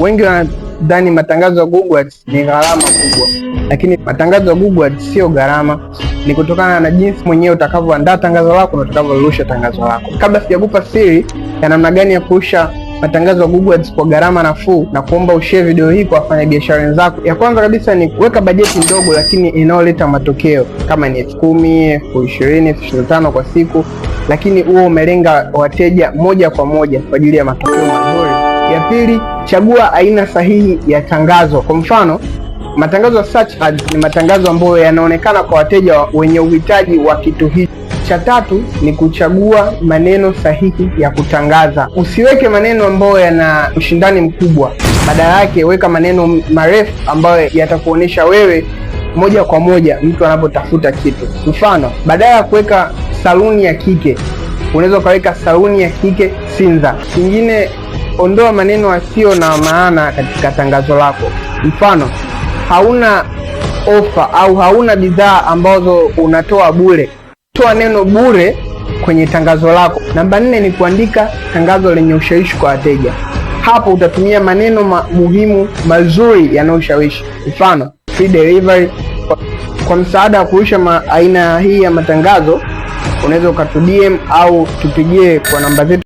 Wengi wanadhani matangazo ya Google Ads ni gharama kubwa, lakini matangazo ya Google Ads sio gharama, ni kutokana na jinsi mwenyewe utakavyoandaa tangazo lako na utakavyorusha tangazo lako. Kabla sijakupa siri ya namna gani ya kurusha matangazo ya Google Ads kwa gharama nafuu na kuomba ushare video hii kwa wafanyabiashara wenzako. Ya kwanza kabisa ni kuweka bajeti ndogo lakini inayoleta matokeo, kama ni elfu kumi, elfu ishirini, elfu ishirini na tano kwa siku, lakini huo umelenga wateja moja kwa moja kwa ajili ya matokeo mazuri. Ya pili, chagua aina sahihi ya tangazo. Kwa mfano, matangazo ya search ads ni matangazo ambayo yanaonekana kwa wateja wenye uhitaji wa kitu hicho. Cha tatu ni kuchagua maneno sahihi ya kutangaza. Usiweke maneno ambayo yana ushindani mkubwa, badala yake weka maneno marefu ambayo yatakuonyesha wewe moja kwa moja mtu anapotafuta kitu. Mfano, badala ya kuweka saluni ya kike unaweza ukaweka saluni ya kike Sinza. Kingine, ondoa maneno yasiyo na maana katika tangazo lako. Mfano, hauna ofa au hauna bidhaa ambazo unatoa bure. Toa neno bure kwenye tangazo lako. Namba nne ni kuandika tangazo lenye ushawishi kwa wateja. Hapo utatumia maneno ma muhimu mazuri yanayoshawishi, mfano free delivery. Kwa msaada wa kurusha aina hii ya matangazo, unaweza ukatudm au tupigie kwa namba zetu.